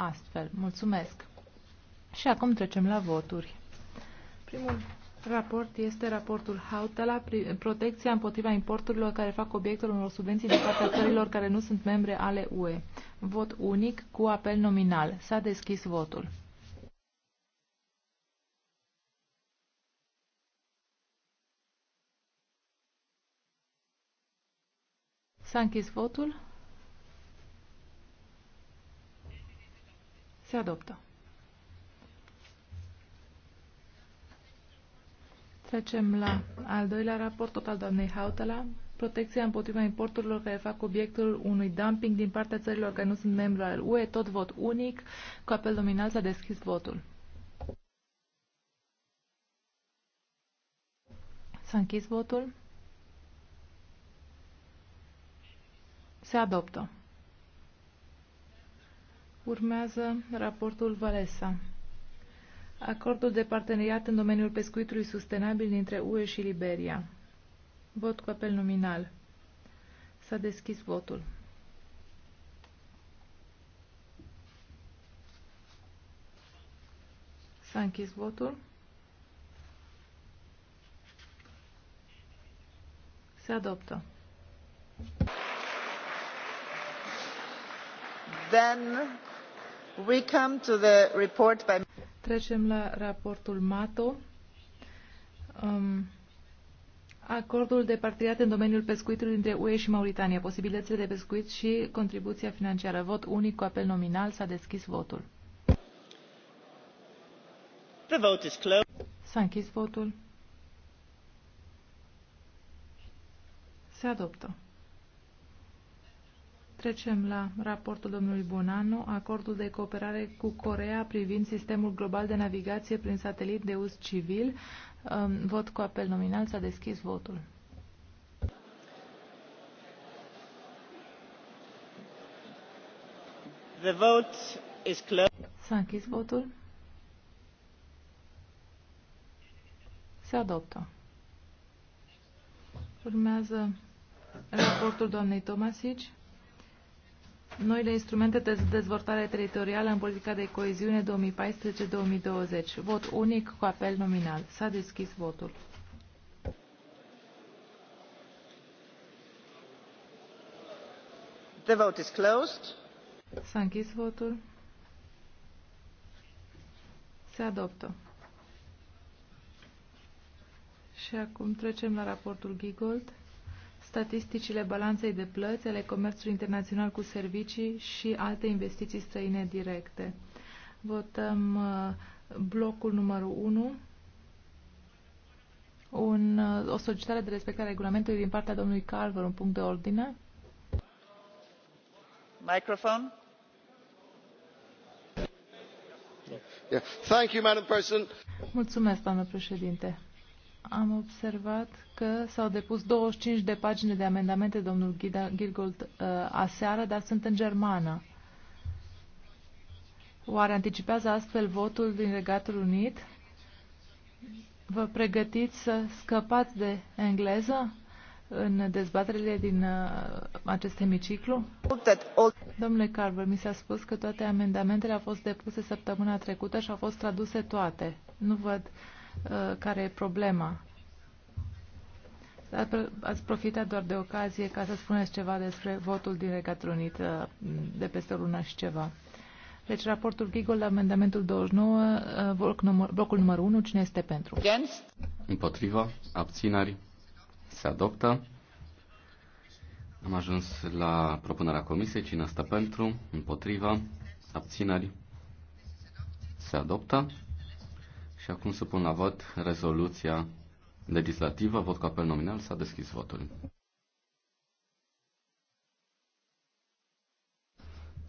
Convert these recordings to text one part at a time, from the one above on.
astfel. Mulțumesc! Și acum trecem la voturi. Primul raport este raportul Hautala, protecția împotriva importurilor care fac obiectul unor subvenții de partea țărilor care nu sunt membre ale UE. Vot unic cu apel nominal. S-a deschis votul. S-a închis votul. Se adoptă. Trecem la al doilea raport, tot al doamnei Hautala, protecția împotriva importurilor care fac obiectul unui dumping din partea țărilor care nu sunt membru al UE, tot vot unic, cu apel nominal s-a deschis votul. S-a închis votul. Se adoptă. Urmează raportul Valesa. Acordul de parteneriat în domeniul pescuitului sustenabil dintre UE și Liberia. Vot cu apel nominal. S-a deschis votul. S-a închis votul. Se adoptă. Then Trecem la raportul MATO. Um, acordul de parteneriat în domeniul pescuitului între UE și Mauritania, posibilitățile de pescuit și contribuția financiară. Vot unic cu apel nominal. S-a deschis votul. The vote is closed. S-a închis votul. Se adoptă. Trecem la raportul domnului Bonanno, acordul de cooperare cu Corea privind sistemul global de navigație prin satelit de uz civil. Um, vot cu apel nominal. S-a deschis votul. The vote is closed. S-a închis votul. Se adoptă. Urmează raportul doamnei Tomasici. Noile instrumente de dezvoltare teritorială în politica de coeziune 2014-2020. Vot unic cu apel nominal. S-a deschis votul. The vote is closed. S-a închis votul. Se adoptă. Și acum trecem la raportul Gigold statisticile balanței de plăți ale comerțului internațional cu servicii și alte investiții străine directe. Votăm uh, blocul numărul 1, un, uh, o solicitare de respectare a regulamentului din partea domnului Carver, un punct de ordine. Microfon. Yeah. Thank you, Madam President. Mulțumesc, doamnă președinte am observat că s-au depus 25 de pagini de amendamente, domnul Gilgold, uh, aseară, dar sunt în germană. Oare anticipează astfel votul din Regatul Unit? Vă pregătiți să scăpați de engleză în dezbaterile din uh, acest hemiciclu? Domnule Carver, mi s-a spus că toate amendamentele au fost depuse săptămâna trecută și au fost traduse toate. Nu văd Uh, care e problema. Ați profitat doar de ocazie ca să spuneți ceva despre votul din Regatul Unit uh, de peste o lună și ceva. Deci raportul Gigol, amendamentul 29, uh, bloc număr, blocul numărul 1, cine este pentru? Against. Împotriva, abținari, se adoptă. Am ajuns la propunerea comisiei, cine stă pentru, împotriva, abținari, se adoptă. Și acum să pun la vot rezoluția legislativă. Vot cu apel nominal. S-a deschis votul.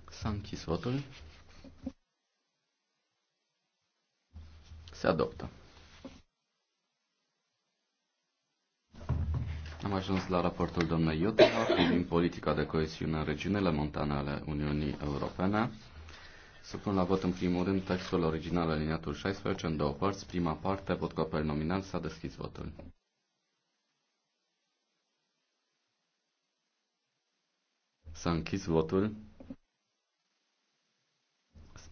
S-a închis votul. Se adoptă. Am ajuns la raportul domnului Iotova privind politica de coeziune în regiunile montane ale Uniunii Europene pun la vot în primul rând textul original aliniatul 16 în două părți. Prima parte, vot cu apel nominal, s-a deschis votul. S-a închis votul.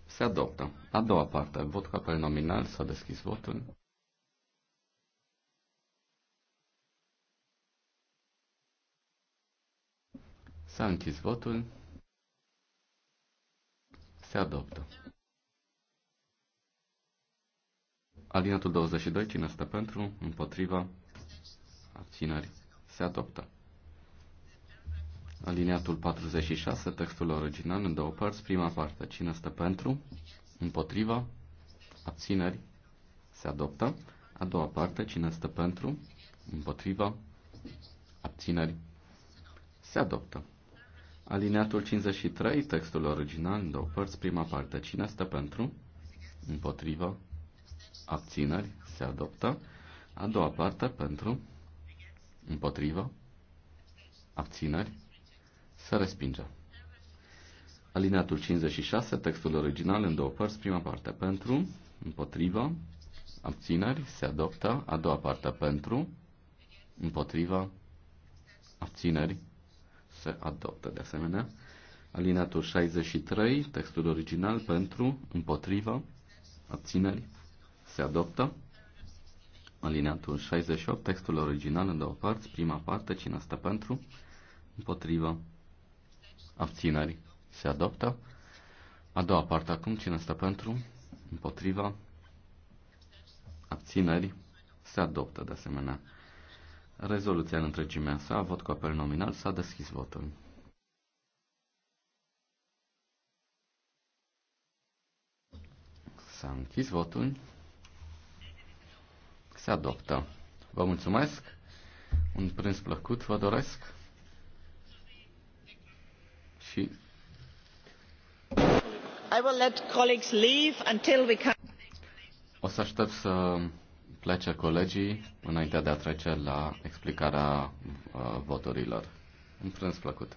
Se adoptă. A doua parte, vot cu apel nominal, s-a deschis votul. S-a închis votul. Se adoptă. Alinatul 22, cine stă pentru, împotriva, abținări, se adoptă. Aliniatul 46, textul original, în două părți, prima parte, cine stă pentru, împotriva, abțineri, se adoptă. A doua parte, cine stă pentru, împotriva, abțineri, se adoptă. Alineatul 53, textul original, în două părți, prima parte. Cine stă pentru? Împotrivă? Abțineri? Se adoptă. A doua parte, pentru? Împotrivă? Abțineri? Se respinge. Alineatul 56, textul original, în două părți, prima parte. Pentru? Împotrivă? Abțineri? Se adoptă. A doua parte, pentru? Împotrivă? Abțineri? se adoptă. De asemenea, alineatul 63, textul original pentru, împotrivă, abțineri, se adoptă. Alineatul 68, textul original în două părți, prima parte, cine stă pentru, împotrivă, abțineri, se adoptă. A doua parte acum, cine stă pentru, împotriva, abțineri, se adoptă de asemenea. Rezoluția în întregimea sa, vot cu apel nominal, s-a deschis votul. S-a închis votul. Se adoptă. Vă mulțumesc. Un prânz plăcut vă doresc. Și I will let colleagues leave until we can... O să aștept să plece colegii înainte de a trece la explicarea uh, voturilor. Un prânz plăcut!